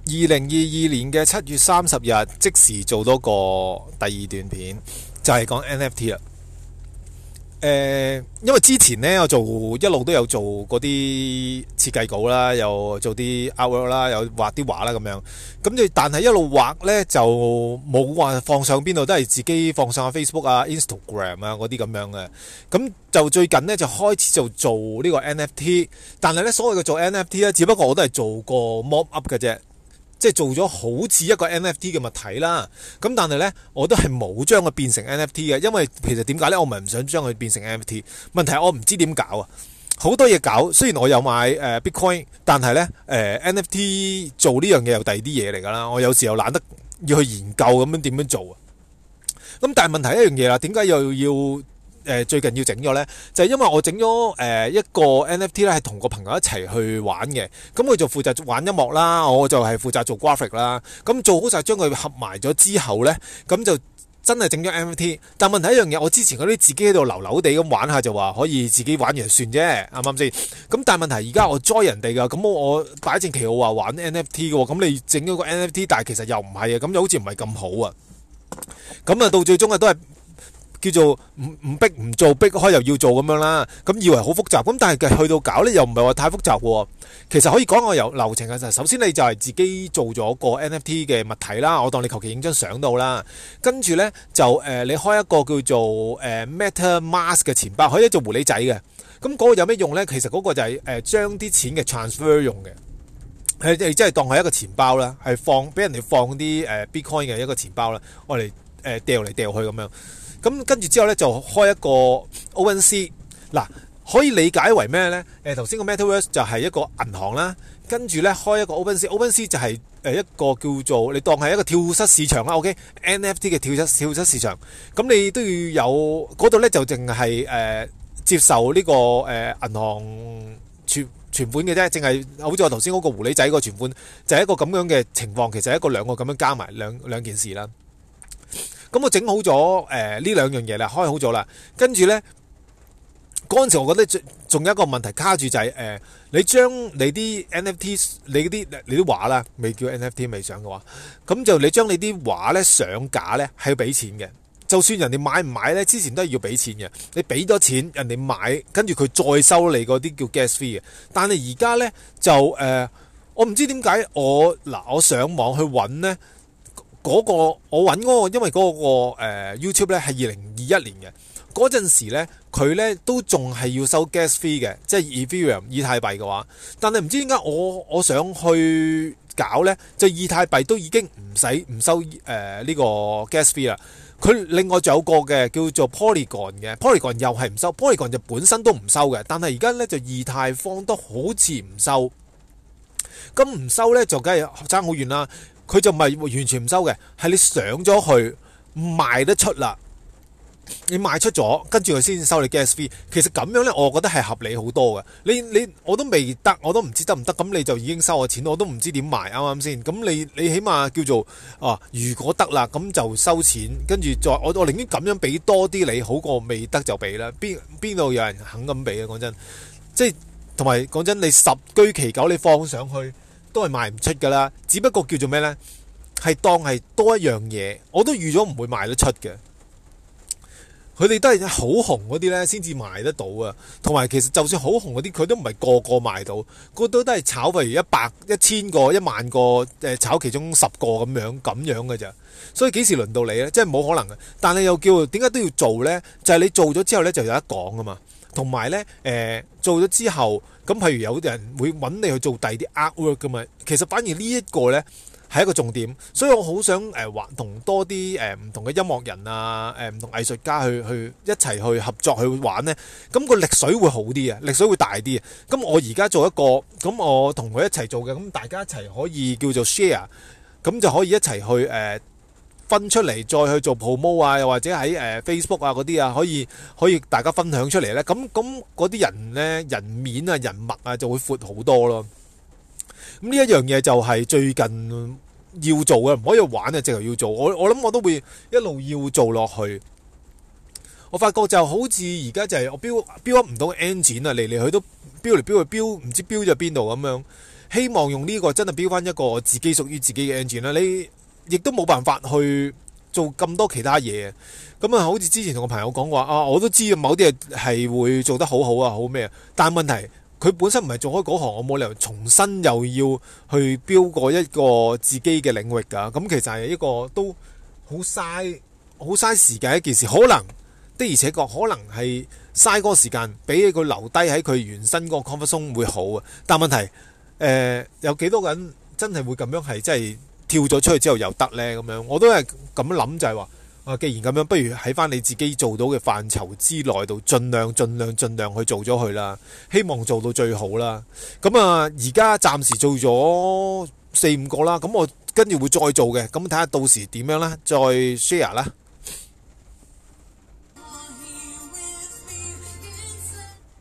二零二二年嘅七月三十日，即時做多個第二段片，就係、是、講 NFT 啦。誒、呃，因為之前呢，我做一路都有做嗰啲設計稿啦，又做啲 Outwork 啦，又畫啲畫啦，咁樣。咁就但係一路畫呢，就冇話放上邊度，都係自己放上 Facebook 啊、Instagram 啊嗰啲咁樣嘅。咁就最近呢，就開始就做呢個 NFT，但係呢，所謂嘅做 NFT 咧，只不過我都係做過 Mock Up 嘅啫。即係做咗好似一個 NFT 嘅物體啦，咁但係呢，我都係冇將佢變成 NFT 嘅，因為其實點解呢？我唔係唔想將佢變成 NFT，問題係我唔知點搞啊！好多嘢搞，雖然我有買誒、呃、Bitcoin，但係呢誒、呃、NFT 做呢樣嘢又第二啲嘢嚟㗎啦。我有時又懶得要去研究咁樣點樣做啊！咁但係問題一樣嘢啦，點解又要？要誒，最近要整咗呢，就係因為我整咗誒一個 NFT 咧，係同個朋友一齊去玩嘅。咁佢就負責玩音樂啦，我就係負責做 graphic 啦。咁做好就將佢合埋咗之後呢，咁就真係整咗 NFT。但問題一樣嘢，我之前嗰啲自己喺度流流地咁玩下就話可以自己玩完就算啫，啱唔啱先？咁但係問題而家我 join 人哋噶，咁我我擺正旗號話玩 NFT 嘅喎，咁你整咗個 NFT，但係其實又唔係啊，咁又好似唔係咁好啊。咁啊，到最終啊，都係。叫做唔唔逼唔做，逼開又要做咁樣啦。咁以為好複雜，咁但係去到搞呢又唔係話太複雜喎。其實可以講個流程嘅，就首先你就係自己做咗個 NFT 嘅物體啦。我當你求其影張相到啦，跟住呢，就誒、呃、你開一個叫做誒、呃、MetaMask 嘅錢包，可以做狐狸仔嘅。咁嗰個有咩用呢？其實嗰個就係、是、誒、呃、將啲錢嘅 transfer 用嘅，誒即係當係一個錢包啦，係放俾人哋放啲誒、呃、Bitcoin 嘅一個錢包啦，我嚟誒掉嚟掉去咁樣。咁跟住之後咧，就開一個 OpenSea，嗱，可以理解為咩咧？誒頭先個 Metaverse 就係一個銀行啦，跟住咧，開一個 OpenSea，OpenSea 就係誒一個叫做你當係一個跳蚤市場啦，OK？NFT 嘅跳蚤跳蚤市場，咁你都要有嗰度咧，就淨係誒接受呢個誒銀行存存款嘅啫，淨係好似我頭先嗰個狐狸仔個存款就係一個咁樣嘅情況，其實一個兩個咁樣加埋兩兩件事啦。咁我整好咗，誒呢兩樣嘢啦，開好咗啦。跟住咧，嗰陣時我覺得仲有一個問題卡住就係誒，你將你啲 NFT，你啲你啲畫啦，未叫 NFT 未上嘅話，咁就你將你啲畫咧上架咧，係要俾錢嘅。就算人哋買唔買咧，之前都係要俾錢嘅。你俾咗錢，人哋買，跟住佢再收你嗰啲叫 gas fee 嘅。但係而家咧就誒、呃，我唔知點解我嗱，我上網去揾咧。嗰、那個我揾嗰個，因為嗰、那個、呃、YouTube 咧係二零二一年嘅，嗰陣時咧佢呢，呢都仲係要收 gas fee 嘅，即係以 Ethereum 以太幣嘅話，但係唔知點解我我想去搞呢，就以太幣都已經唔使唔收誒呢、呃這個 gas fee 啦。佢另外仲有個嘅叫做 Polygon 嘅，Polygon 又係唔收，Polygon 就本身都唔收嘅，但係而家呢，就以太坊都好似唔收，咁唔收呢，就梗係爭好遠啦。佢就唔係完全唔收嘅，係你上咗去賣得出啦，你賣出咗，跟住佢先收你 GSV。其實咁樣呢，我覺得係合理好多嘅。你你我都未得，我都唔知得唔得，咁你就已經收我錢，我都唔知點賣啱啱先。咁你你起碼叫做啊，如果得啦，咁就收錢，跟住再我我寧願咁樣俾多啲你好過未得就俾啦。邊邊度有人肯咁俾啊？講真，即係同埋講真，你十居其九你放上去。都係賣唔出噶啦，只不過叫做咩呢？係當係多一樣嘢，我都預咗唔會賣得出嘅。佢哋都係好紅嗰啲呢，先至賣得到啊。同埋，其實就算好紅嗰啲，佢都唔係個個賣到，個個都係炒，譬如一百、一千個、一萬個，誒，炒其中十個咁樣咁樣嘅咋。所以幾時輪到你呢？即係冇可能嘅。但係又叫點解都要做呢？就係你做咗之後呢，就有得講噶嘛。同埋呢，誒、呃，做咗之後。咁譬如有啲人會揾你去做第二啲 artwork 噶嘛，其實反而呢一個呢，係一個重點，所以我好想誒還、呃呃、同多啲誒唔同嘅音樂人啊誒唔、呃、同藝術家去去一齊去合作去玩呢。咁、嗯、個力水會好啲啊，力水會大啲嘅。咁、嗯、我而家做一個，咁、嗯、我同佢一齊做嘅，咁大家一齊可以叫做 share，咁、嗯、就可以一齊去誒。呃分出嚟再去做 promo 啊，又或者喺誒 Facebook 啊嗰啲啊，可以可以大家分享出嚟咧。咁咁嗰啲人咧，人面人啊、人脈啊就會闊好多咯。咁呢一樣嘢就係最近要做嘅，唔可以玩啊，直頭要做。我我諗我都會一路要做落去。我發覺就好似而家就係我標標唔到 engine 啊，嚟嚟去都標嚟標，標，標去標唔知標咗邊度咁樣，希望用呢個真係標翻一個自己屬於自己嘅 engine 啦，你。亦都冇辦法去做咁多其他嘢，咁啊，好似之前同個朋友講話啊，我都知某啲嘢係會做得好好啊，好咩，但問題佢本身唔係做開嗰行，我冇理由重新又要去標過一個自己嘅領域㗎，咁其實係一個都好嘥好嘥時間一件事，可能的而且確可能係嘥嗰個時間俾佢留低喺佢原身個 comfort zone 會好啊，但問題誒、呃、有幾多個人真係會咁樣係真係？跳咗出去之後又得呢，咁樣，我都係咁樣諗就係話，啊，既然咁樣，不如喺返你自己做到嘅範疇之內度，盡量盡量盡量去做咗佢啦，希望做到最好啦。咁啊，而家暫時做咗四五個啦，咁我跟住會再做嘅，咁睇下到時點樣呢？再 share 啦。